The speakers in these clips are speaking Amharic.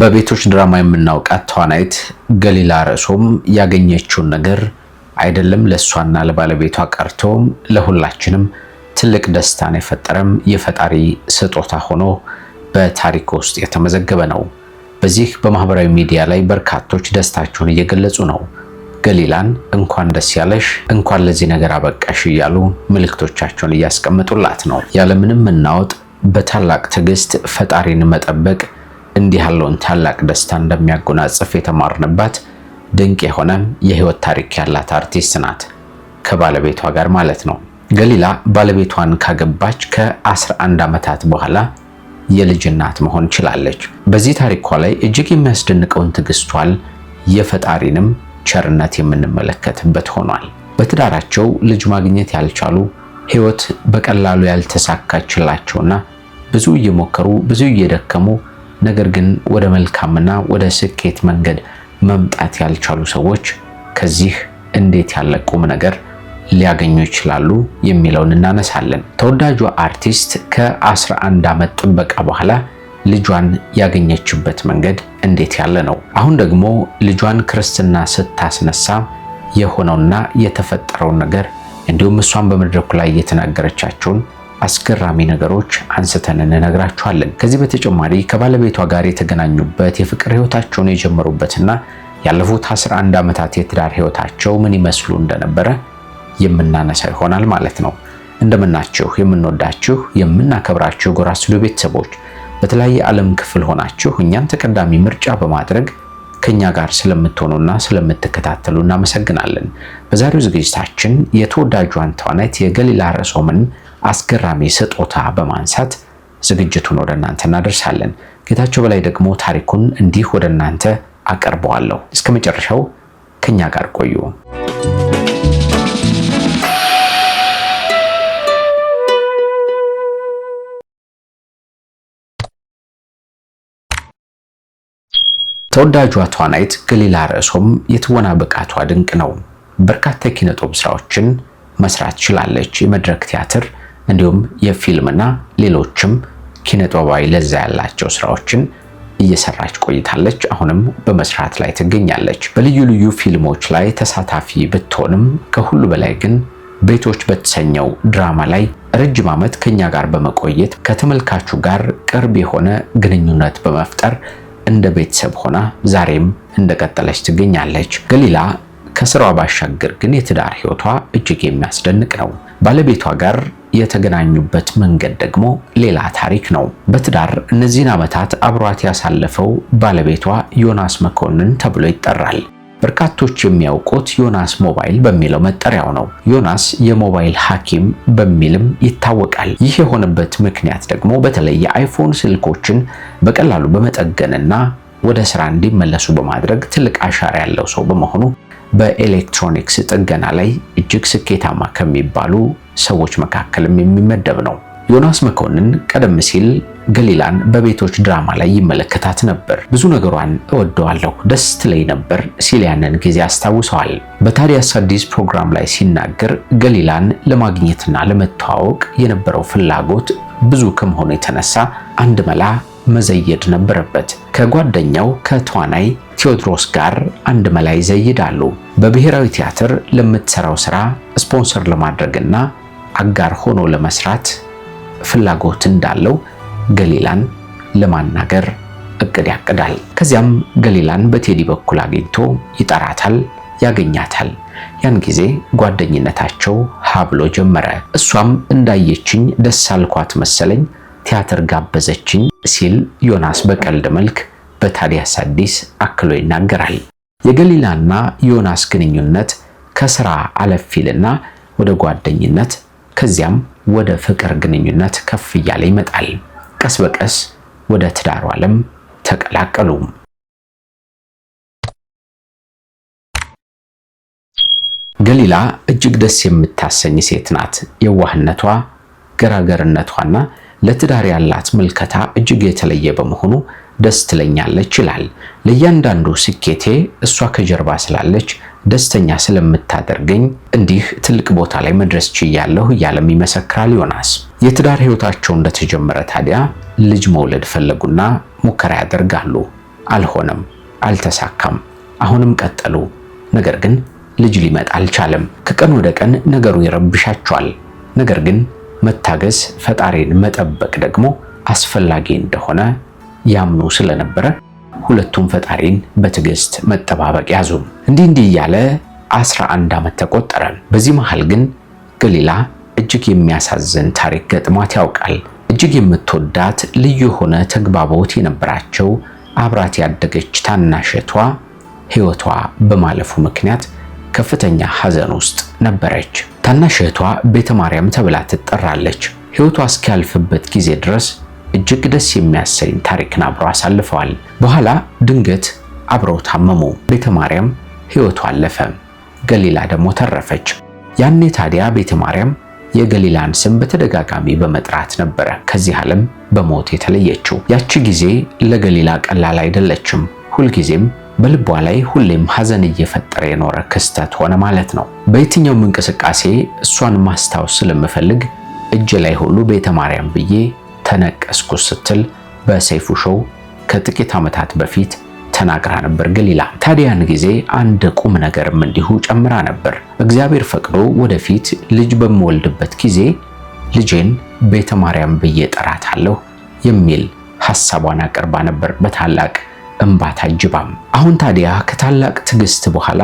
በቤቶች ድራማ የምናውቃት ተዋናይት ገሊላ ርዕሶም ያገኘችውን ነገር አይደለም ለእሷና ለባለቤቷ ቀርቶም ለሁላችንም ትልቅ ደስታን የፈጠረም የፈጣሪ ስጦታ ሆኖ በታሪክ ውስጥ የተመዘገበ ነው። በዚህ በማህበራዊ ሚዲያ ላይ በርካቶች ደስታቸውን እየገለጹ ነው። ገሊላን እንኳን ደስ ያለሽ፣ እንኳን ለዚህ ነገር አበቃሽ እያሉ ምልክቶቻቸውን እያስቀመጡላት ነው። ያለምንም መናወጥ በታላቅ ትዕግስት ፈጣሪን መጠበቅ እንዲህ ያለውን ታላቅ ደስታ እንደሚያጎናጽፍ የተማርንባት ድንቅ የሆነ የህይወት ታሪክ ያላት አርቲስት ናት። ከባለቤቷ ጋር ማለት ነው። ገሊላ ባለቤቷን ካገባች ከ11 ዓመታት በኋላ የልጅ እናት መሆን ችላለች። በዚህ ታሪኳ ላይ እጅግ የሚያስደንቀውን ትግስቷል የፈጣሪንም ቸርነት የምንመለከትበት ሆኗል። በትዳራቸው ልጅ ማግኘት ያልቻሉ ህይወት በቀላሉ ያልተሳካችላቸውና ብዙ እየሞከሩ ብዙ እየደከሙ ነገር ግን ወደ መልካምና ወደ ስኬት መንገድ መምጣት ያልቻሉ ሰዎች ከዚህ እንዴት ያለ ቁም ነገር ሊያገኙ ይችላሉ የሚለውን እናነሳለን። ተወዳጇ አርቲስት ከ11 ዓመት ጥበቃ በኋላ ልጇን ያገኘችበት መንገድ እንዴት ያለ ነው! አሁን ደግሞ ልጇን ክርስትና ስታስነሳ የሆነውና የተፈጠረውን ነገር እንዲሁም እሷን በመድረኩ ላይ የተናገረቻቸውን አስገራሚ ነገሮች አንስተን እንነግራችኋለን። ከዚህ በተጨማሪ ከባለቤቷ ጋር የተገናኙበት የፍቅር ህይወታቸውን የጀመሩበትና ያለፉት 11 ዓመታት የትዳር ህይወታቸው ምን ይመስሉ እንደነበረ የምናነሳ ይሆናል ማለት ነው። እንደምናችሁ የምንወዳችሁ የምናከብራችሁ ጎራ ስቱዲዮ ቤተሰቦች በተለያየ ዓለም ክፍል ሆናችሁ እኛን ተቀዳሚ ምርጫ በማድረግ ከኛ ጋር ስለምትሆኑና ስለምትከታተሉ እናመሰግናለን። በዛሬው ዝግጅታችን የተወዳጇን ተዋናይት የገሊላ ርዕሶምን አስገራሚ ስጦታ በማንሳት ዝግጅቱን ወደ እናንተ እናደርሳለን። ጌታቸው በላይ ደግሞ ታሪኩን እንዲህ ወደ እናንተ አቀርበዋለሁ። እስከ መጨረሻው ከኛ ጋር ቆዩ። ተወዳጇ ተዋናይት ገሊላ ርዕሶም የትወና ብቃቷ ድንቅ ነው። በርካታ የኪነጥበብ ስራዎችን መስራት ችላለች። የመድረክ ቲያትር እንዲሁም የፊልምና ሌሎችም ኪነጥበባዊ ለዛ ያላቸው ስራዎችን እየሰራች ቆይታለች። አሁንም በመስራት ላይ ትገኛለች። በልዩ ልዩ ፊልሞች ላይ ተሳታፊ ብትሆንም ከሁሉ በላይ ግን ቤቶች በተሰኘው ድራማ ላይ ረጅም ዓመት ከኛ ጋር በመቆየት ከተመልካቹ ጋር ቅርብ የሆነ ግንኙነት በመፍጠር እንደ ቤተሰብ ሆና ዛሬም እንደቀጠለች ትገኛለች። ገሊላ ከስራዋ ባሻገር ግን የትዳር ህይወቷ እጅግ የሚያስደንቅ ነው። ባለቤቷ ጋር የተገናኙበት መንገድ ደግሞ ሌላ ታሪክ ነው። በትዳር እነዚህን ዓመታት አብሯት ያሳለፈው ባለቤቷ ዮናስ መኮንን ተብሎ ይጠራል። በርካቶች የሚያውቁት ዮናስ ሞባይል በሚለው መጠሪያው ነው። ዮናስ የሞባይል ሐኪም በሚልም ይታወቃል። ይህ የሆነበት ምክንያት ደግሞ በተለይ የአይፎን ስልኮችን በቀላሉ በመጠገንና ወደ ስራ እንዲመለሱ በማድረግ ትልቅ አሻራ ያለው ሰው በመሆኑ በኤሌክትሮኒክስ ጥገና ላይ እጅግ ስኬታማ ከሚባሉ ሰዎች መካከልም የሚመደብ ነው። ዮናስ መኮንን ቀደም ሲል ገሊላን በቤቶች ድራማ ላይ ይመለከታት ነበር። ብዙ ነገሯን እወደዋለሁ፣ ደስ ትለኝ ነበር ሲል ያንን ጊዜ አስታውሰዋል። በታዲያስ አዲስ ፕሮግራም ላይ ሲናገር ገሊላን ለማግኘትና ለመተዋወቅ የነበረው ፍላጎት ብዙ ከመሆኑ የተነሳ አንድ መላ መዘየድ ነበረበት። ከጓደኛው ከተዋናይ ቴዎድሮስ ጋር አንድ መላይ ይዘይዳሉ። በብሔራዊ ቲያትር ለምትሰራው ስራ ስፖንሰር ለማድረግና አጋር ሆኖ ለመስራት ፍላጎት እንዳለው ገሊላን ለማናገር እቅድ ያቅዳል። ከዚያም ገሊላን በቴዲ በኩል አግኝቶ ይጠራታል፣ ያገኛታል። ያን ጊዜ ጓደኝነታቸው ሀብሎ ጀመረ። እሷም እንዳየችኝ ደስ አልኳት መሰለኝ ቲያትር ጋበዘችኝ ሲል ዮናስ በቀልድ መልክ በታዲያስ አዲስ አክሎ ይናገራል። የገሊላና ዮናስ ግንኙነት ከስራ አለፍ ይልና ወደ ጓደኝነት ከዚያም ወደ ፍቅር ግንኙነት ከፍ እያለ ይመጣል። ቀስ በቀስ ወደ ትዳሩ ዓለም ተቀላቀሉ። ገሊላ እጅግ ደስ የምታሰኝ ሴት ናት። የዋህነቷ፣ ገራገርነቷና ለትዳር ያላት ምልከታ እጅግ የተለየ በመሆኑ ደስ ትለኛለች ይላል። ለእያንዳንዱ ስኬቴ እሷ ከጀርባ ስላለች ደስተኛ ስለምታደርገኝ እንዲህ ትልቅ ቦታ ላይ መድረስ ችያለሁ እያለም ይመሰክራል ዮናስ። የትዳር ህይወታቸው እንደተጀመረ ታዲያ ልጅ መውለድ ፈለጉና ሙከራ ያደርጋሉ። አልሆነም፣ አልተሳካም። አሁንም ቀጠሉ። ነገር ግን ልጅ ሊመጣ አልቻለም። ከቀን ወደ ቀን ነገሩ ይረብሻቸዋል። ነገር ግን መታገስ፣ ፈጣሪን መጠበቅ ደግሞ አስፈላጊ እንደሆነ ያምኑ ስለነበረ ሁለቱም ፈጣሪን በትዕግስት መጠባበቅ ያዙ። እንዲህ እንዲህ እያለ 11 ዓመት ተቆጠረ። በዚህ መሃል ግን ገሊላ እጅግ የሚያሳዝን ታሪክ ገጥሟት ያውቃል። እጅግ የምትወዳት ልዩ የሆነ ተግባቦት የነበራቸው አብራት ያደገች ታናሸቷ ሕይወቷ በማለፉ ምክንያት ከፍተኛ ሐዘን ውስጥ ነበረች። ታናሸቷ ቤተ ማርያም ተብላ ትጠራለች። ሕይወቷ እስኪያልፍበት ጊዜ ድረስ እጅግ ደስ የሚያሰኝ ታሪክን አብረው አሳልፈዋል። በኋላ ድንገት አብረው ታመሙ። ቤተ ማርያም ሕይወቱ አለፈ፣ ገሊላ ደግሞ ተረፈች። ያኔ ታዲያ ቤተ ማርያም የገሊላን ስም በተደጋጋሚ በመጥራት ነበረ ከዚህ ዓለም በሞት የተለየችው። ያቺ ጊዜ ለገሊላ ቀላል አይደለችም። ሁልጊዜም በልቧ ላይ ሁሌም ሐዘን እየፈጠረ የኖረ ክስተት ሆነ ማለት ነው። በየትኛውም እንቅስቃሴ እሷን ማስታወስ ስለምፈልግ እጅ ላይ ሁሉ ቤተ ማርያም ብዬ ተነቀስኩ ስትል በሰይፉ ሾው ከጥቂት ዓመታት በፊት ተናግራ ነበር። ገሊላ ታዲያን ጊዜ አንድ ቁም ነገርም እንዲሁ ጨምራ ነበር። እግዚአብሔር ፈቅዶ ወደፊት ልጅ በምወልድበት ጊዜ ልጄን ቤተ ማርያም ብዬ ጠራታለሁ የሚል ሐሳቧን አቅርባ ነበር በታላቅ እምባት ታጅባም። አሁን ታዲያ ከታላቅ ትዕግስት በኋላ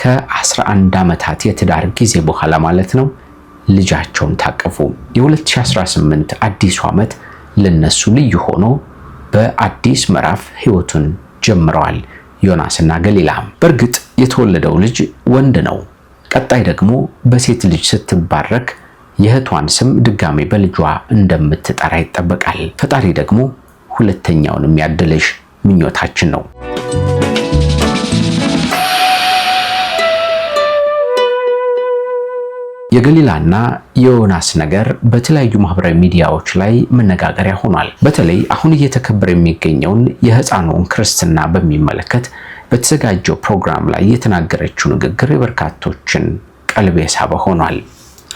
ከ11 ዓመታት የትዳር ጊዜ በኋላ ማለት ነው ልጃቸውን ታቀፉ። የ2018 አዲሱ ዓመት ለነሱ ልዩ ሆኖ በአዲስ ምዕራፍ ህይወቱን ጀምረዋል ዮናስና ገሊላ። በእርግጥ የተወለደው ልጅ ወንድ ነው። ቀጣይ ደግሞ በሴት ልጅ ስትባረክ የእህቷን ስም ድጋሜ በልጇ እንደምትጠራ ይጠበቃል። ፈጣሪ ደግሞ ሁለተኛውንም ያደለሽ ምኞታችን ነው። የገሊላና የዮናስ ነገር በተለያዩ ማህበራዊ ሚዲያዎች ላይ መነጋገሪያ ሆኗል። በተለይ አሁን እየተከበረ የሚገኘውን የህፃኑን ክርስትና በሚመለከት በተዘጋጀው ፕሮግራም ላይ የተናገረችው ንግግር የበርካቶችን ቀልብ የሳበ ሆኗል።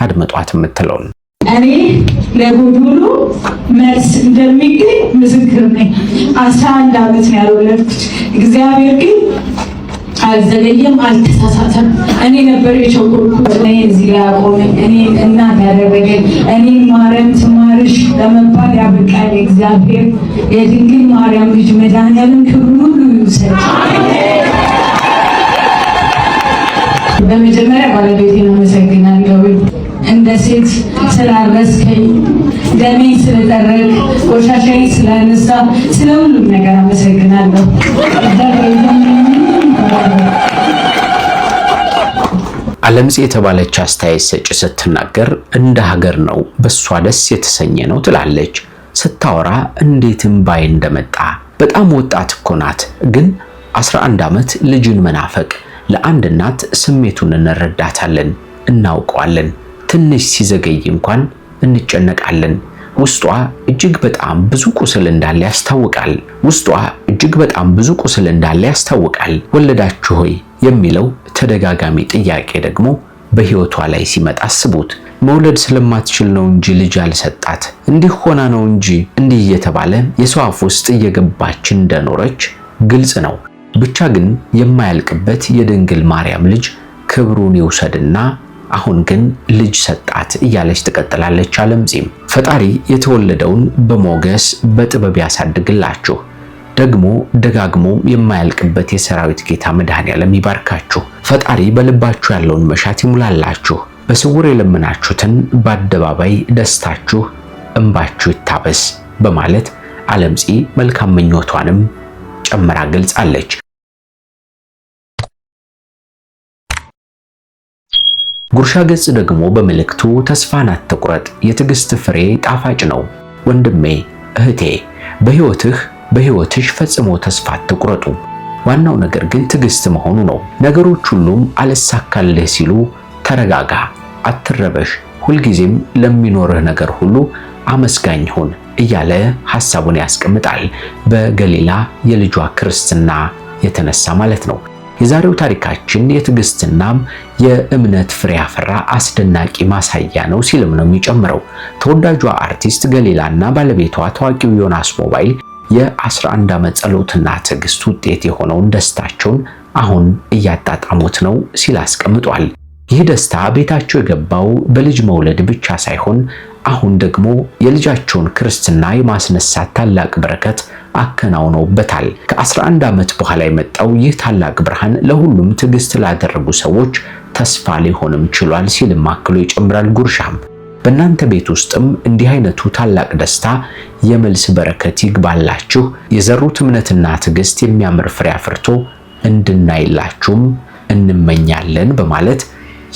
አድምጧት የምትለውን እኔ ለጉድ ሁሉ መልስ እንደሚገኝ ምስክር ነኝ። አስራ አንድ ዓመት ነው ያልወለድኩት። እግዚአብሔር ግን አልዘገየም፣ አልተሳሳተም። እኔ ነበር የቸኮልኩት፣ እኔ እዚህ ላይ ያቆመኝ፣ እኔ እናት ያደረገኝ፣ እኔ ማርያም ትማርሽ ለመባል ያበቃል እግዚአብሔር የድንግል ማርያም ልጅ መድኃኒዓለም ክብር ሁሉ ይውሰድ። በመጀመሪያ ባለቤቴን አመሰግናለሁ። እንደ ሴት ስላረስከኝ፣ ደሜ ስለጠረግ፣ ቆሻሻዬ ስላነሳ፣ ስለ ሁሉም ነገር አመሰግናለሁ። ዓለምጽ የተባለች አስተያየት ሰጭ ስትናገር እንደ ሀገር ነው በሷ ደስ የተሰኘ ነው ትላለች። ስታወራ እንዴትም ባይ እንደመጣ በጣም ወጣት እኮ ናት፣ ግን 11 ዓመት ልጅን መናፈቅ ለአንድ እናት ስሜቱን እንረዳታለን፣ እናውቀዋለን። ትንሽ ሲዘገይ እንኳን እንጨነቃለን። ውስጧ እጅግ በጣም ብዙ ቁስል እንዳለ ያስታውቃል። ውስጧ እጅግ በጣም ብዙ ቁስል እንዳለ ያስታውቃል። ወለዳችሁ ሆይ የሚለው ተደጋጋሚ ጥያቄ ደግሞ በህይወቷ ላይ ሲመጣ አስቡት። መውለድ ስለማትችል ነው እንጂ ልጅ አልሰጣት፣ እንዲህ ሆና ነው እንጂ እንዲህ እየተባለ የሰው አፍ ውስጥ እየገባች እንደኖረች ግልጽ ነው። ብቻ ግን የማያልቅበት የድንግል ማርያም ልጅ ክብሩን ይውሰድና አሁን ግን ልጅ ሰጣት እያለች ትቀጥላለች። አለምጺም ፈጣሪ የተወለደውን በሞገስ በጥበብ ያሳድግላችሁ። ደግሞ ደጋግሞ የማያልቅበት የሰራዊት ጌታ መድኃኔዓለም ይባርካችሁ። ፈጣሪ በልባችሁ ያለውን መሻት ይሙላላችሁ። በስውር የለመናችሁትን በአደባባይ ደስታችሁ፣ እንባችሁ ይታበስ በማለት ዓለምፂ መልካም ምኞቷንም ጨምራ ገልጻለች። ጉርሻ ገጽ ደግሞ በመልእክቱ ተስፋን አትቁረጥ፣ የትዕግስት ፍሬ ጣፋጭ ነው። ወንድሜ እህቴ በሕይወትህ በሕይወትሽ ፈጽሞ ተስፋ አትቁረጡ። ዋናው ነገር ግን ትዕግስት መሆኑ ነው። ነገሮች ሁሉም አልሳካልህ ሲሉ ተረጋጋ፣ አትረበሽ። ሁልጊዜም ለሚኖርህ ነገር ሁሉ አመስጋኝ ሁን እያለ ሐሳቡን ያስቀምጣል። በገሊላ የልጇ ክርስትና የተነሳ ማለት ነው። የዛሬው ታሪካችን የትዕግስትናም የእምነት ፍሬ ያፈራ አስደናቂ ማሳያ ነው ሲልም ነው የሚጨምረው። ተወዳጇ አርቲስት ገሊላና ባለቤቷ ታዋቂው ዮናስ ሞባይል የ11 ዓመት ጸሎትና ትዕግስት ውጤት የሆነውን ደስታቸውን አሁን እያጣጣሙት ነው ሲል አስቀምጧል። ይህ ደስታ ቤታቸው የገባው በልጅ መውለድ ብቻ ሳይሆን አሁን ደግሞ የልጃቸውን ክርስትና የማስነሳት ታላቅ በረከት አከናውነውበታል። ከ11 ዓመት በኋላ የመጣው ይህ ታላቅ ብርሃን ለሁሉም ትዕግስት ላደረጉ ሰዎች ተስፋ ሊሆንም ችሏል ሲልም አክሎ ይጨምራል ጉርሻም በእናንተ ቤት ውስጥም እንዲህ አይነቱ ታላቅ ደስታ የመልስ በረከት ይግባላችሁ። የዘሩት እምነትና ትዕግስት የሚያምር ፍሬ አፍርቶ እንድናይላችሁም እንመኛለን በማለት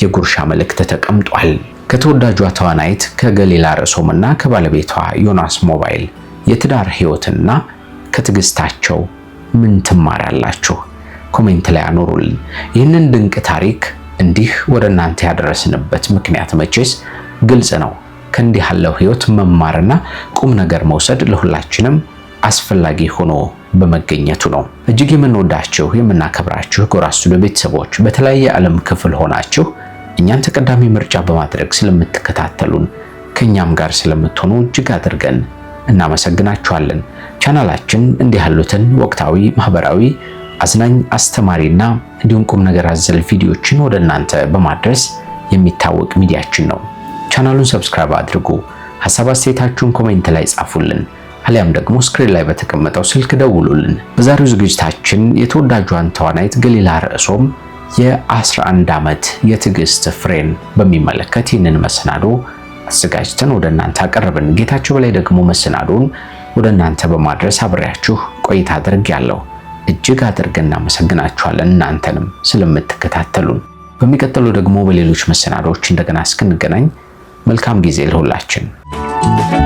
የጉርሻ መልእክት ተቀምጧል። ከተወዳጇ ተዋናይት ከገሊላ ና ከባለቤቷ ዮናስ ሞባይል የትዳር ህይወትና ከትዕግስታቸው ምን ትማራላችሁ? ኮሜንት ላይ አኖሩልን። ይህንን ድንቅ ታሪክ እንዲህ ወደ እናንተ ያደረስንበት ምክንያት መቼስ ግልጽ ነው። ከእንዲህ ያለው ህይወት መማርና ቁም ነገር መውሰድ ለሁላችንም አስፈላጊ ሆኖ በመገኘቱ ነው። እጅግ የምንወዳችሁ የምናከብራችሁ ጎራ ስቱዲዮ ቤተሰቦች በተለያየ ዓለም ክፍል ሆናችሁ እኛን ተቀዳሚ ምርጫ በማድረግ ስለምትከታተሉን ከእኛም ጋር ስለምትሆኑ እጅግ አድርገን እናመሰግናችኋለን። ቻናላችን እንዲህ ያሉትን ወቅታዊ፣ ማህበራዊ፣ አዝናኝ፣ አስተማሪና እንዲሁም ቁም ነገር አዘል ቪዲዮችን ወደ እናንተ በማድረስ የሚታወቅ ሚዲያችን ነው። ቻናሉን ሰብስክራይብ አድርጉ። ሐሳብ አስተያየታችሁን ኮሜንት ላይ ጻፉልን፣ አሊያም ደግሞ ስክሪን ላይ በተቀመጠው ስልክ ደውሉልን። በዛሬው ዝግጅታችን የተወዳጇን ተዋናይት ገሊላ ርዕሶም የ11 ዓመት የትዕግስት ፍሬን በሚመለከት ይህንን መሰናዶ አዘጋጅተን ወደ እናንተ አቀረብን። ጌታቸው በላይ ደግሞ መሰናዶን ወደ እናንተ በማድረስ አብሬያችሁ ቆይታ አድርግ ያለው እጅግ አድርገን እናመሰግናችኋለን። እናንተንም ስለምትከታተሉን በሚቀጥለው ደግሞ በሌሎች መሰናዶዎች እንደገና እስክንገናኝ መልካም ጊዜ ልሁላችን።